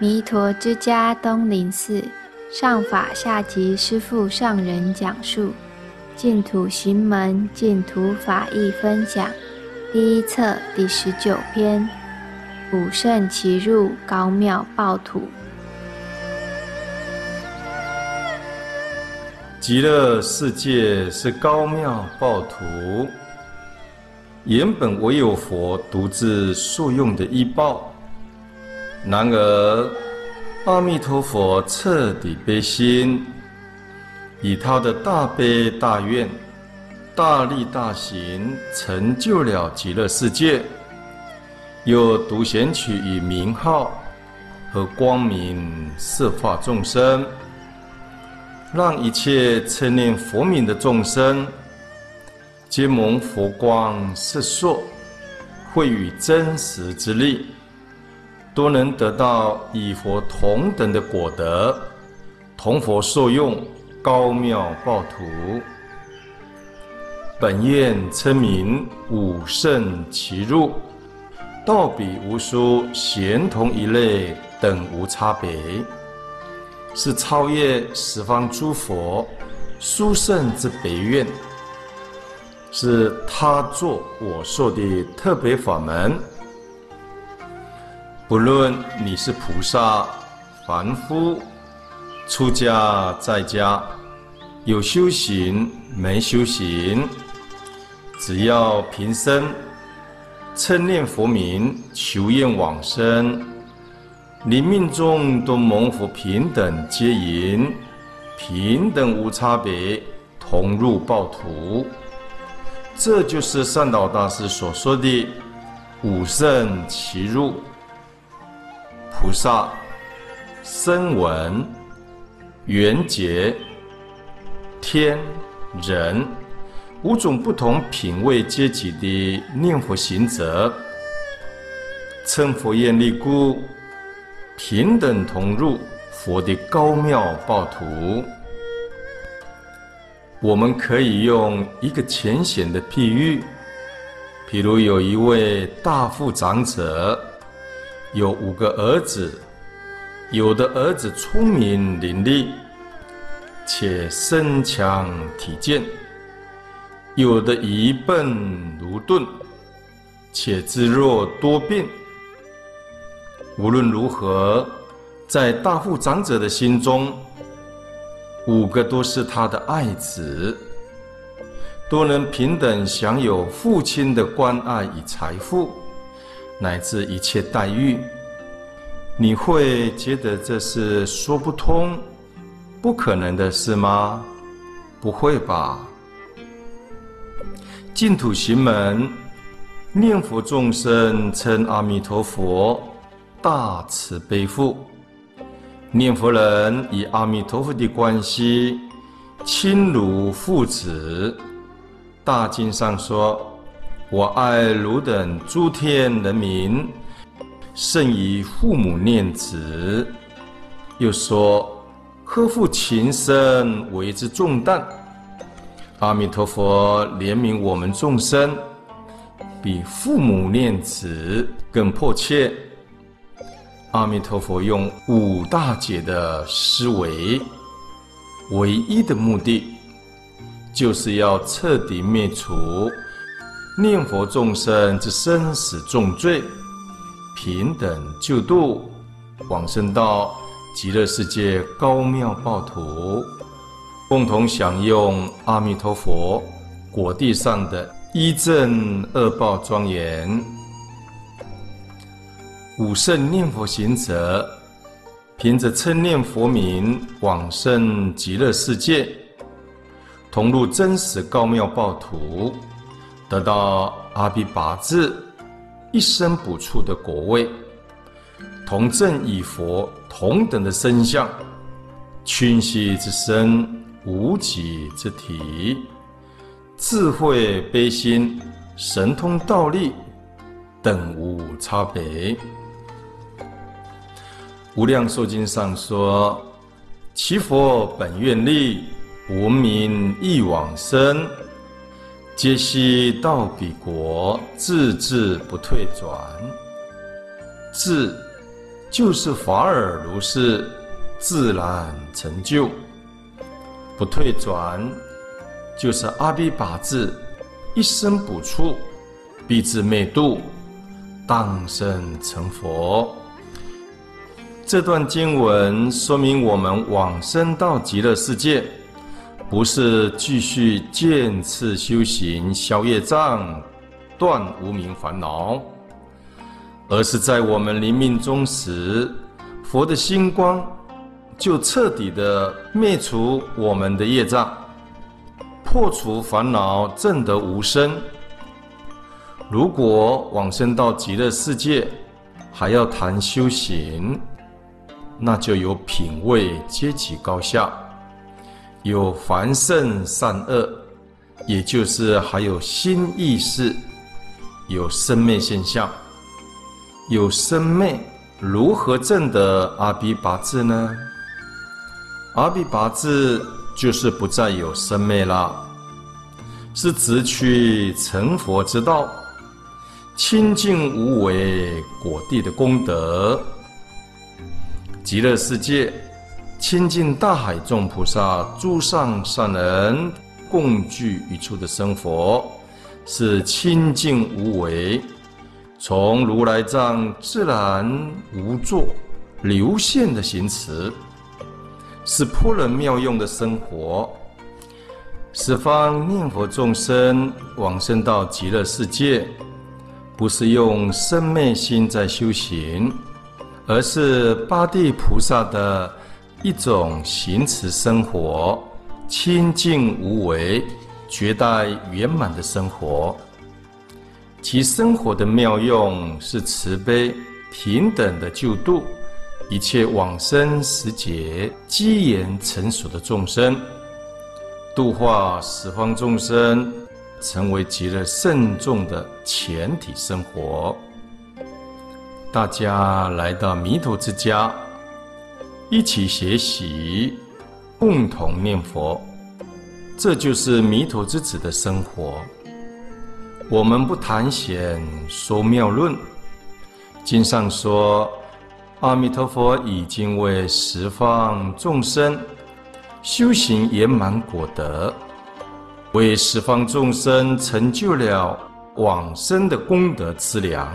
彌陀之家東林寺上法下寂師父上人講述《淨土行門》淨土法義分享第一冊第十九篇：五乘齊入高妙報土。極樂世界是高妙報土，原本唯有佛獨自受用的依報。然而，阿彌陀佛徹底悲心，以他的大悲大願、大力大行，成就了極樂世界，又獨選取以名號和光明設化眾生，讓一切稱念佛名的眾生，皆蒙佛光色爍，惠與真實之力。都能得到與佛同等的果德，同佛受用，高妙報土。本願稱名，五乘齊入，道比無殊，賢同一類等無差別，是超越十方諸佛殊勝之別願，是他作我受的特別法門。不論你是菩薩、凡夫、出家在家，有修行沒修行，只要平生稱念佛名，求願往生，你命終都蒙佛平等接引，平等無差別，同入報土，這就是善導大師所說的“五乘齊入”。菩薩、聲聞、緣覺、天人五種不同品位階級的念佛行者，稱佛願力故，平等同入佛的高妙報土。我們可以用一個淺顯的譬喻，比如有一位大富長者。有五個兒子，有的兒子聰明伶俐，且身強體健；有的愚笨愚鈍，且自弱多病。無論如何，在大富長者的心中，五個都是他的愛子，都能平等享有父親的關愛與財富。乃至一切待遇，你會覺得這是說不通、不可能的事嗎？不會吧。淨土行門，念佛眾生稱阿彌陀佛大慈悲父，念佛人以阿彌陀佛的關係親如父子。大經上說。我愛汝等諸天人民，甚於父母念子。又說，呵護情深為之重擔。阿彌陀佛憐憫我們眾生，比父母念子更迫切。阿彌陀佛用五大劫的思維，唯一的目的，就是要徹底滅除。念佛眾生之生死重罪，平等救度，往生到極樂世界高妙報土，共同享用阿彌陀佛果地上的一正二報莊嚴。五乘念佛行者，憑着稱念佛名，往生極樂世界，同入真實高妙報土。得到阿鞞跋致一生補處的果位，同證與佛同等的身相，虛無之身無極之體，智慧悲心神通道力等無差別。無量壽經上說，其佛本願力，聞名即往生。皆悉到彼國，自致不退轉。自就是法爾如是，自然成就；不退轉就是阿鞞跋致，一生補處，必至滅度，當生成佛。這段經文說明我們往生到極樂世界。不是繼續漸次修行消業障、斷無明煩惱，而是在我們臨命終時，佛的星光就徹底的滅除我們的業障，破除煩惱，證得無生。如果往生到極樂世界還要談修行，那就有品位階級高下。有凡聖善惡，也就是還有心意識，有生滅現象，有生滅，如何證得阿鞞跋致呢？阿鞞跋致就是不再有生滅了，是直趨成佛之道，清淨無為果地的功德，極樂世界。清淨大海眾菩薩，諸上善人共聚一處的生活，是清淨無為，從如來藏自然無作流現的行持，是頗人妙用的生活。十方念佛眾生往生到極樂世界，不是用生滅心在修行，而是八地菩薩的，一種行持生活，清淨無為、絕待圓滿的生活，其生活的妙用是慈悲平等的救度一切往生時節、機緣成熟的眾生，度化十方眾生，成為極樂聖眾的前提生活。大家來到彌陀之家。一起學習，共同念佛，這就是彌陀之子的生活。我們不談玄說妙論。經上說，阿彌陀佛已經為十方眾生修行圓滿果德，為十方眾生成就了往生的功德之糧，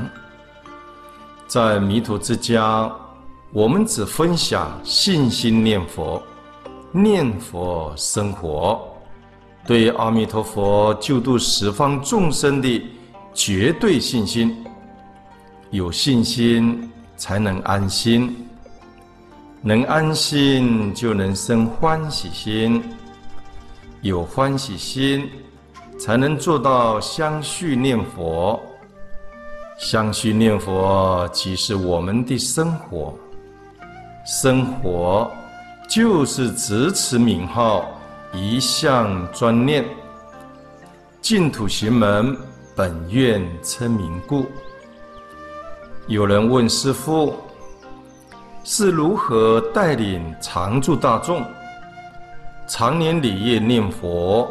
在彌陀之家，我們只分享信心念佛、念佛生活，對阿彌陀佛救度十方眾生的絕對信心，有信心才能安心，能安心就能生歡喜心，有歡喜心才能做到相續念佛，相續念佛即是我們的生活。生活就是執持名號，一向專念淨土行門，本願稱名故。有人問師父：“是如何帶領常住大眾，常年累月念佛，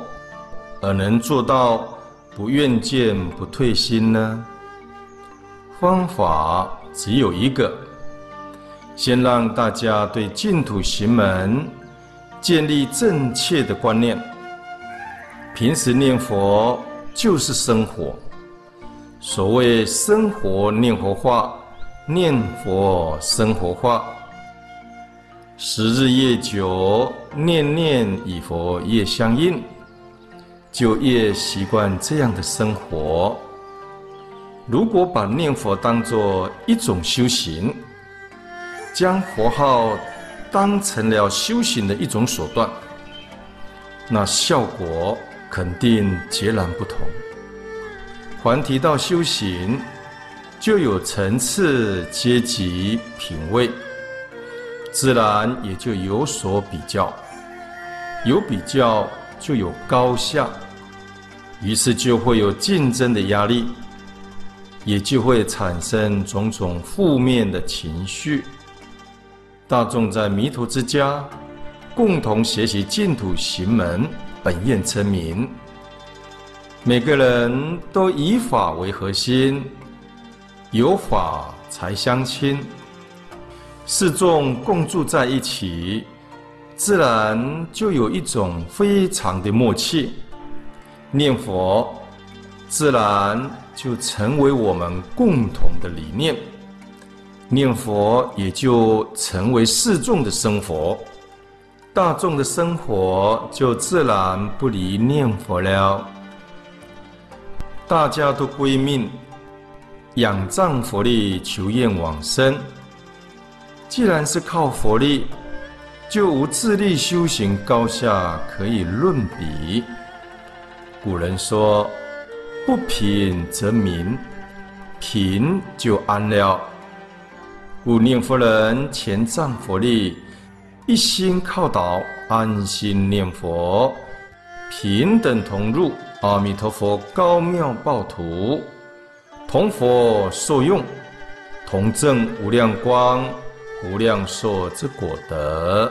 而能做到不怨見不退心呢？”方法只有一個。先讓大家對淨土行門建立正確的觀念。平時念佛就是生活，所謂生活念佛化，念佛生活化。時日越久，念念與佛越相應，就越習慣這樣的生活。如果把念佛當做一種修行，將佛號當成了修行的一種手段，那效果肯定截然不同。凡提到修行就有層次、階級、品位，自然也就有所比較。有比較就有高下，於是就會有競爭的壓力，也就會產生種種負面的情緒。大眾在彌陀之家共同學習淨土行門，本願稱名。每個人都以法為核心，有法才相親。四眾共住在一起，自然就有一種非常的默契。念佛自然就成為我們共同的理念。念佛也就成為世眾的生活，大眾的生活就自然不離念佛了。大家都歸命，仰仗佛力求願往生。既然是靠佛力，就無自力修行高下可以論比。古人說：“不平則鳴，平就安了。”故念佛人，全仗佛力，一心靠倒，安心念佛，平等同入阿彌陀佛高妙報土，同佛受用，同證無量光、無量壽之果德。